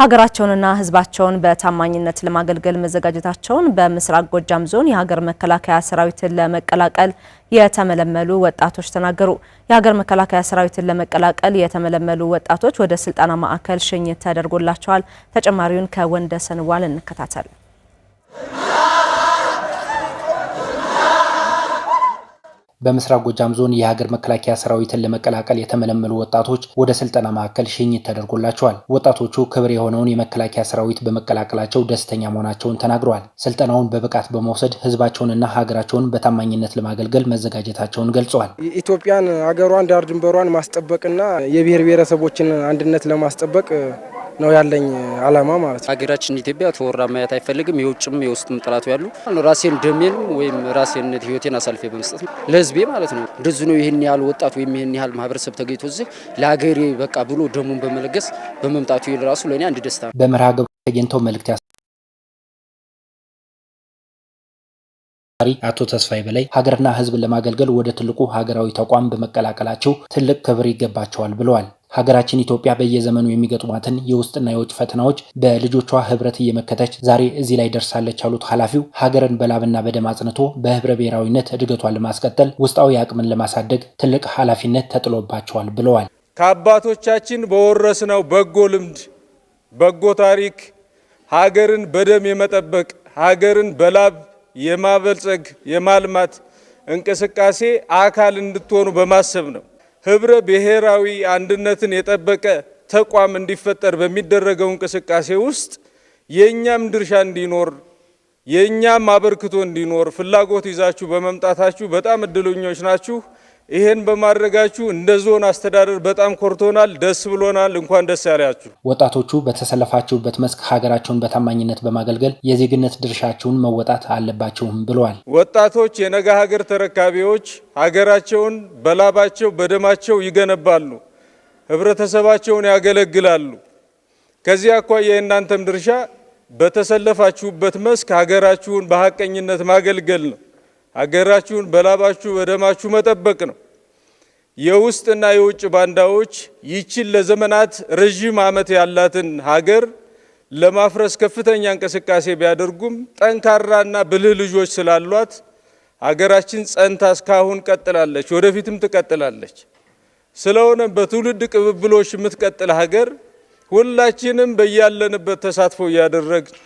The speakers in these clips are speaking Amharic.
ሀገራቸውንና ሕዝባቸውን በታማኝነት ለማገልገል መዘጋጀታቸውን በምስራቅ ጎጃም ዞን የሀገር መከላከያ ሰራዊትን ለመቀላቀል የተመለመሉ ወጣቶች ተናገሩ። የሀገር መከላከያ ሰራዊትን ለመቀላቀል የተመለመሉ ወጣቶች ወደ ስልጠና ማዕከል ሽኝት ተደርጎላቸዋል። ተጨማሪውን ከወንደሰን ዋል እንከታተል። በምስራቅ ጎጃም ዞን የሀገር መከላከያ ሰራዊትን ለመቀላቀል የተመለመሉ ወጣቶች ወደ ስልጠና ማዕከል ሽኝት ተደርጎላቸዋል። ወጣቶቹ ክብር የሆነውን የመከላከያ ሰራዊት በመቀላቀላቸው ደስተኛ መሆናቸውን ተናግረዋል። ስልጠናውን በብቃት በመውሰድ ህዝባቸውንና ሀገራቸውን በታማኝነት ለማገልገል መዘጋጀታቸውን ገልጸዋል። ኢትዮጵያን ሀገሯን ዳር ድንበሯን ማስጠበቅና የብሔር ብሔረሰቦችን አንድነት ለማስጠበቅ ነው ያለኝ አላማ ማለት ነው። ሀገራችን ኢትዮጵያ ተወራ ማየት አይፈልግም። የውጭም የውስጥም ጥላቱ ያሉ ራሴን ደሜን ወይም ራሴን ህይወቴን አሳልፌ በመስጠት ነው ለህዝቤ ማለት ነው። እንደዚህ ነው ይህን ያህል ወጣት ወይም ይህን ያህል ማህበረሰብ ተገኝቶ እዚህ ለሀገሬ በቃ ብሎ ደሙን በመለገስ በመምጣቱ ራሱ ለእኔ አንድ ደስታ ነው። በመርሃ ግብሩ ተገኝተው መልእክት አቶ ተስፋይ በላይ ሀገርና ህዝብን ለማገልገል ወደ ትልቁ ሀገራዊ ተቋም በመቀላቀላቸው ትልቅ ክብር ይገባቸዋል ብለዋል። ሀገራችን ኢትዮጵያ በየዘመኑ የሚገጥሟትን የውስጥና የውጭ ፈተናዎች በልጆቿ ህብረት እየመከተች ዛሬ እዚህ ላይ ደርሳለች ያሉት ኃላፊው ሀገርን በላብና በደም አጽንቶ በህብረ ብሔራዊነት እድገቷን ለማስቀጠል ውስጣዊ አቅምን ለማሳደግ ትልቅ ኃላፊነት ተጥሎባቸዋል ብለዋል። ከአባቶቻችን በወረስነው በጎ ልምድ፣ በጎ ታሪክ ሀገርን በደም የመጠበቅ ሀገርን በላብ የማበልጸግ የማልማት እንቅስቃሴ አካል እንድትሆኑ በማሰብ ነው ህብረ ብሔራዊ አንድነትን የጠበቀ ተቋም እንዲፈጠር በሚደረገው እንቅስቃሴ ውስጥ የእኛም ድርሻ እንዲኖር የእኛም አበርክቶ እንዲኖር ፍላጎት ይዛችሁ በመምጣታችሁ በጣም እድለኞች ናችሁ። ይህን በማድረጋችሁ እንደ ዞን አስተዳደር በጣም ኮርቶናል፣ ደስ ብሎናል። እንኳን ደስ ያላችሁ። ወጣቶቹ በተሰለፋችሁበት መስክ ሀገራቸውን በታማኝነት በማገልገል የዜግነት ድርሻቸውን መወጣት አለባቸውም ብለዋል። ወጣቶች የነገ ሀገር ተረካቢዎች ሀገራቸውን በላባቸው በደማቸው ይገነባሉ፣ ህብረተሰባቸውን ያገለግላሉ። ከዚህ አኳያ የእናንተም ድርሻ በተሰለፋችሁበት መስክ ሀገራችሁን በሀቀኝነት ማገልገል ነው። ሀገራችሁን በላባችሁ በደማችሁ መጠበቅ ነው። የውስጥና የውጭ ባንዳዎች ይችን ለዘመናት ረዥም ዓመት ያላትን ሀገር ለማፍረስ ከፍተኛ እንቅስቃሴ ቢያደርጉም ጠንካራና ብልህ ልጆች ስላሏት ሀገራችን ጸንታ እስካሁን ቀጥላለች፣ ወደፊትም ትቀጥላለች። ስለሆነም በትውልድ ቅብብሎች የምትቀጥል ሀገር ሁላችንም በያለንበት ተሳትፎ እያደረግን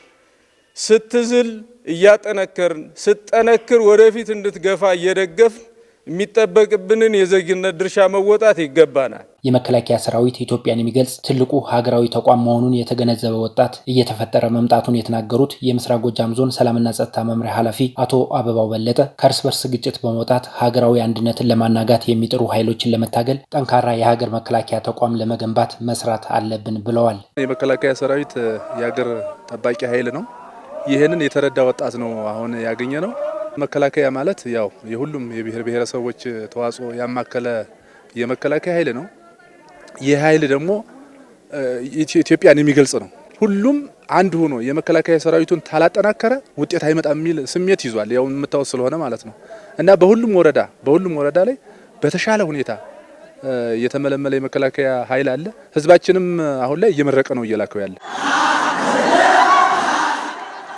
ስትዝል እያጠነከርን ስትጠነክር ወደፊት እንድትገፋ እየደገፍን የሚጠበቅብንን የዜግነት ድርሻ መወጣት ይገባናል። የመከላከያ ሰራዊት ኢትዮጵያን የሚገልጽ ትልቁ ሀገራዊ ተቋም መሆኑን የተገነዘበ ወጣት እየተፈጠረ መምጣቱን የተናገሩት የምስራቅ ጎጃም ዞን ሰላምና ጸጥታ መምሪያ ኃላፊ አቶ አበባው በለጠ ከእርስ በርስ ግጭት በመውጣት ሀገራዊ አንድነትን ለማናጋት የሚጥሩ ኃይሎችን ለመታገል ጠንካራ የሀገር መከላከያ ተቋም ለመገንባት መስራት አለብን ብለዋል። የመከላከያ ሰራዊት የሀገር ጠባቂ ኃይል ነው። ይህንን የተረዳ ወጣት ነው አሁን ያገኘ ነው። መከላከያ ማለት ያው የሁሉም የብሔር ብሔረሰቦች ተዋጽኦ ያማከለ የመከላከያ ኃይል ነው። ይህ ኃይል ደግሞ ኢትዮጵያን የሚገልጽ ነው። ሁሉም አንድ ሆኖ የመከላከያ ሰራዊቱን ታላጠናከረ ውጤት አይመጣም የሚል ስሜት ይዟል። ያው የምታወስ ስለሆነ ማለት ነው እና በሁሉም ወረዳ በሁሉም ወረዳ ላይ በተሻለ ሁኔታ የተመለመለ የመከላከያ ኃይል አለ። ህዝባችንም አሁን ላይ እየመረቀ ነው እየላከው ያለ